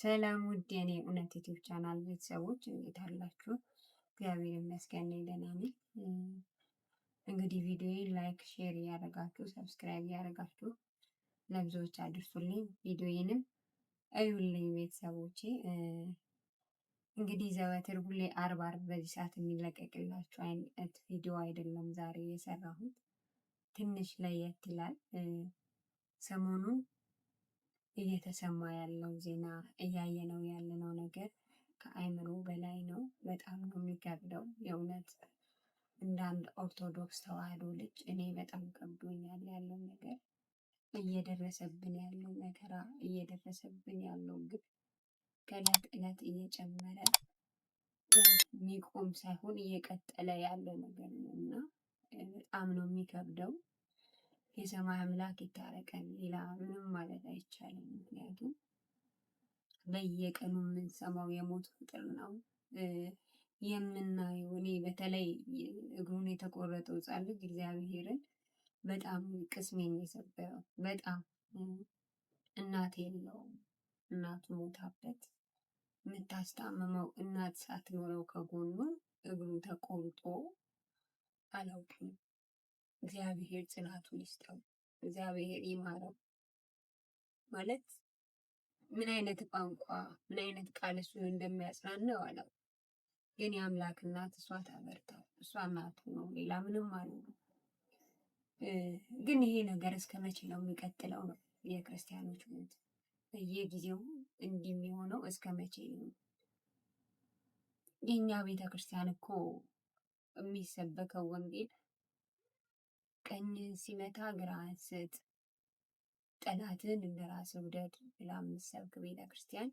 ሰላም ውድ የኔ እውነት ዩቲዩብ ቻናል ቤተሰቦች እንዴት አላችሁ? እግዚአብሔር ይመስገን ደህና ነኝ። እንግዲህ ቪዲዮ ላይክ፣ ሼር እያደረጋችሁ ሰብስክራይብ እያደረጋችሁ ለብዙዎች አድርሱልኝ፣ ቪዲዮዬንም እዩልኝ ቤተሰቦቼ። እንግዲህ ዘወትር ሁሌ አርብ አርብ በዚህ ሰዓት የሚለቀቅላችሁ አይነት ቪዲዮ አይደለም ዛሬ የሰራሁት፣ ትንሽ ለየት ይላል ሰሞኑን እየተሰማ ያለው ዜና እያየነው ያለነው ነገር ከአእምሮ በላይ ነው። በጣም ነው የሚከብደው የእውነት እንደ አንድ ኦርቶዶክስ ተዋህዶ ልጅ እኔ በጣም ከብዶኛል ያለው ነገር እየደረሰብን ያለው መከራ እየደረሰብን ያለው ግፍ ከእለት እለት እየጨመረ የሚቆም ሳይሆን እየቀጠለ ያለ ነገር ነው እና በጣም ነው የሚከብደው። የሰማይ አምላክ ይታረቀን። ሌላ ምንም ማለት አይቻልም። ምክንያቱም በየቀኑ የምንሰማው የሞት ቁጥር ነው የምናየው። እኔ በተለይ እግሩን የተቆረጠው ሕፃን ልጅ እግዚአብሔርን በጣም ቅስሜን የሰበረው በጣም እናት የለውም፣ እናቱ ሞታበት፣ የምታስታምመው እናት ሳትኖረው ከጎኑ እግሩ ተቆርጦ አላውቅም እግዚአብሔር ጽናቱን ይስጠው፣ እግዚአብሔር ይማረው። ማለት ምን አይነት ቋንቋ ምን አይነት ቃል እሱ እንደሚያጽናናው አላው። ግን የአምላክ እናት እሷ ታበርታው፣ እሷ እናቱ ነው፣ ሌላ ምንም አሉ። ግን ይሄ ነገር እስከ መቼ ነው የሚቀጥለው? ነው የክርስቲያኖች ሞት በየጊዜው እንዲህ የሚሆነው እስከ መቼ ነው? የእኛ ቤተ ክርስቲያን እኮ የሚሰበከው ወንጌል ቀኝ ሲመታ ግራህን ስጥ፣ ጠላትን እንደ ራስህ ውደድ ብላ የምትሰብክ ቤተ ክርስቲያን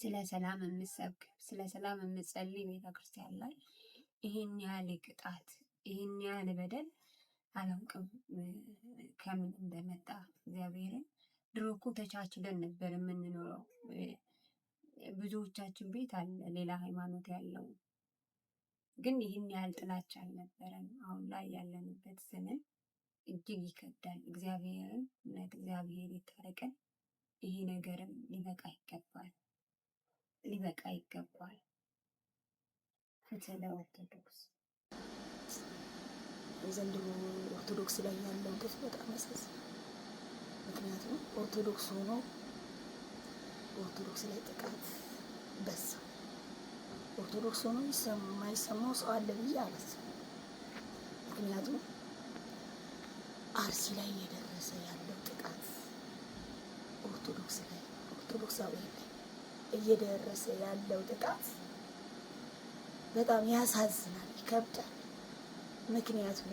ስለ ሰላም የምትሰብክ ስለ ሰላም የምትጸልይ ቤተ ክርስቲያን ላይ ይህን ያህል ቅጣት ይህን ያህል በደል አላውቅም ከምን እንደመጣ እግዚአብሔርን። ድሮ እኮ ተቻችለን ነበር የምንኖረው። ብዙዎቻችን ቤት አለ ሌላ ሃይማኖት ያለው ግን ይህን ያህል ጥላቻ አልነበረም። አሁን ላይ ያለንበት ዘመን እጅግ ይከብዳል። እግዚአብሔርን እውነት እግዚአብሔር ይታረቀን። ይህ ነገርም ሊበቃ ይገባል፣ ሊበቃ ይገባል። ፍትህ ለኦርቶዶክስ። ዘንድሮ ኦርቶዶክስ ላይ ያለው ግፍ በጣም መሰስ። ምክንያቱም ኦርቶዶክስ ሆኖ ኦርቶዶክስ ላይ ጥቃት በዛ ኦርቶዶክስ ሆኖ የማይሰማው ሰው አለ ብዬ አላስብም። ምክንያቱም አርሲ ላይ የደረሰ ያለው ጥቃት ኦርቶዶክስ ላይ ኦርቶዶክሳዊ ላይ እየደረሰ ያለው ጥቃት በጣም ያሳዝናል፣ ይከብዳል። ምክንያቱም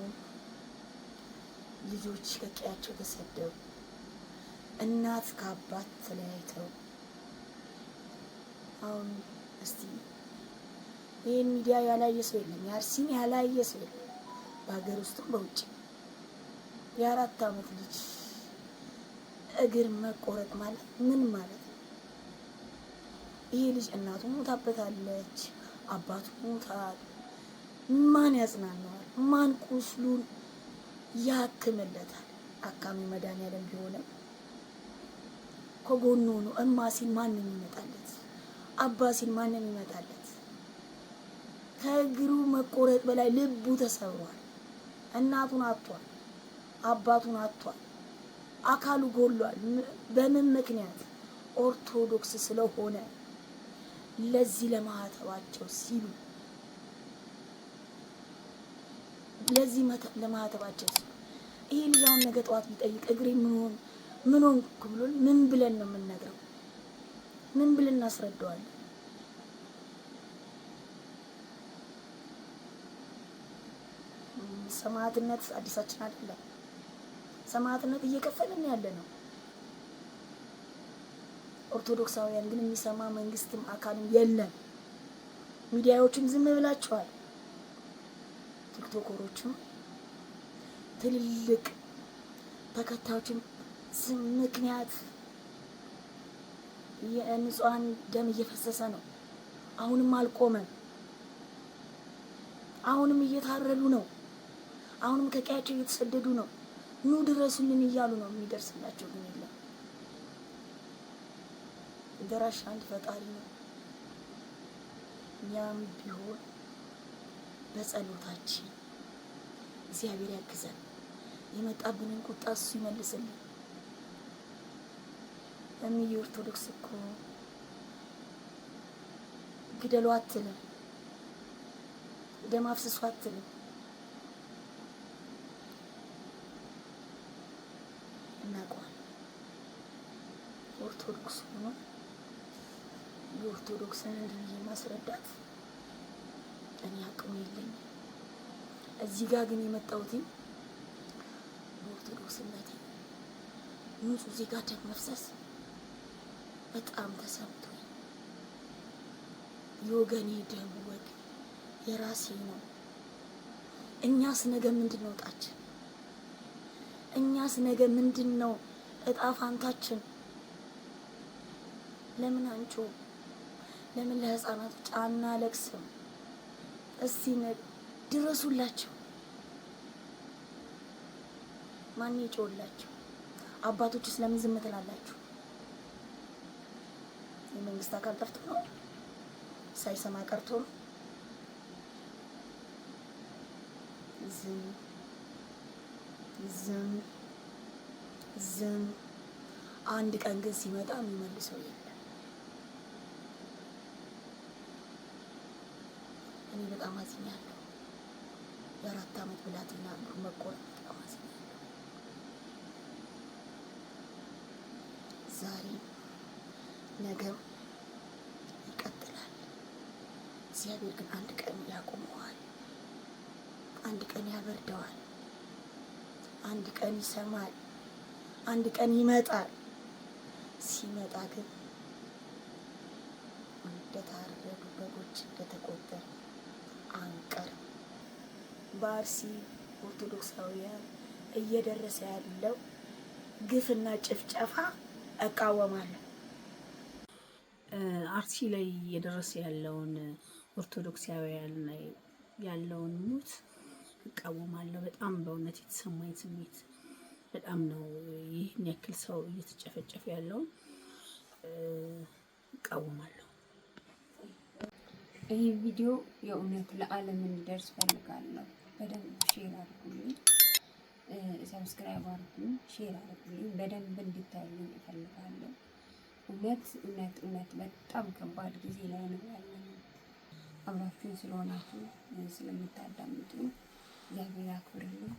ልጆች ከቀያቸው ተሰደው እናት ከአባት ተለያይተው አሁን እስቲ ይህን ሚዲያ ያላየ ሰው የለም። የአርሲን ያላየ ሰው የለም። በሀገር ውስጥም በውጭ የአራት ዓመት ልጅ እግር መቆረጥ ማለት ምን ማለት ነው? ይሄ ልጅ እናቱ ሞታበታለች፣ አባቱ ሞታል። ማን ያጽናነዋል? ማን ቁስሉን ያክምለታል? አካሚ መድኃኒዓለም ቢሆንም ከጎኑ ሆኖ እማ ሲል ማንም ይመጣለት፣ አባ ሲል ማንም ይመጣለት ከእግሩ መቆረጥ በላይ ልቡ ተሰብሯል። እናቱን አጥቷል፣ አባቱን አጥቷል፣ አካሉ ጎሏል። በምን ምክንያት? ኦርቶዶክስ ስለሆነ ለዚህ ለማህተባቸው ሲሉ ለዚህ ለማህተባቸው ሲሉ ይሄ ልጅ አሁን ነገ ጠዋት ቢጠይቅ እግሬ ምን ሆን ምን ሆንኩ ምን ብለን ነው የምንነግረው? ምን ብለን እናስረዳዋለን? ሰማዕትነት አዲሳችን አይደለም። ሰማዕትነት እየከፈልን ያለ ነው። ኦርቶዶክሳውያን ግን የሚሰማ መንግስትም አካልም የለም። ሚዲያዎቹም ዝም ብላችኋል። ቲክቶከሮቹም ትልልቅ ተከታዮችም ዝም ምክንያት የንጹሐን ደም እየፈሰሰ ነው። አሁንም አልቆመም። አሁንም እየታረሉ ነው። አሁንም ከቀያቸው እየተሰደዱ ነው። ኑ ድረሱልን እያሉ ነው። የሚደርስላቸው ግን የለም። ደራሽ አንድ ፈጣሪ ነው። እኛም ቢሆን በጸሎታችን እግዚአብሔር ያግዘን፣ የመጣብንን ቁጣ እሱ ይመልስልን። እምዬ ኦርቶዶክስ እኮ ግደሉ አትልም፣ ደም አፍስሱ አትልም። እናውቀዋለን። ኦርቶዶክስ ሆኖ የኦርቶዶክስን እንዲህ ማስረዳት እኔ አቅሙ እዚህ ጋር ግን የመጣሁት በኦርቶዶክስነት ንጹህ ዜጋ ደም መፍሰስ በጣም ተሰምቶ የወገኔ ደም ወግ የራሴ ነው። እኛስ ነገ ምንድን ነው እኛስ ነገ ምንድን ነው እጣ ፋንታችን? ለምን አንቺ ለምን ለህፃናት ጫና ለክስ እስቲ ድረሱላቸው። ማን ይጮላቸው? አባቶች ስለምን ዝም ትላላችሁ? የመንግስት አካል ጠፍቶ ነው ሳይሰማ ቀርቶ ነው ዝም ዝም ዝም። አንድ ቀን ግን ሲመጣ የሚመልሰው የለም። እኔ በጣም አዝኛለሁ። የአራት ዓመት ብላትና መቆረጥ በጣም አዝኛለሁ። ዛሬ ነገም ይቀጥላል። እግዚአብሔር ግን አንድ ቀን ያቆመዋል፣ አንድ ቀን ያበርደዋል። አንድ ቀን ይሰማል፣ አንድ ቀን ይመጣል። ሲመጣ ግን እንደታረዱ በጎች እንደተቆጠር አንቀርም። በአርሲ ኦርቶዶክሳውያን እየደረሰ ያለው ግፍና ጭፍጨፋ እቃወማለሁ። አርሲ ላይ እየደረሰ ያለውን ኦርቶዶክሳውያን እቃወማለሁ። በጣም በእውነት የተሰማኝ ስሜት በጣም ነው። ይህን ያክል ሰው እየተጨፈጨፈ ያለው እቃወማለሁ። ይህ ቪዲዮ የእውነት ለዓለም እንዲደርስ ፈልጋለሁ። በደንብ ሼር አድርጉልኝ፣ ሰብስክራይብ አድርጉልኝ፣ ሼር አድርጉልኝ። በደንብ እንዲታዩኝ እፈልጋለሁ። እውነት እውነት እውነት በጣም ከባድ ጊዜ ላይ ነው ያለነው። አብራችሁን ስለሆናችሁ ስለምታዳምጡ як вона курила.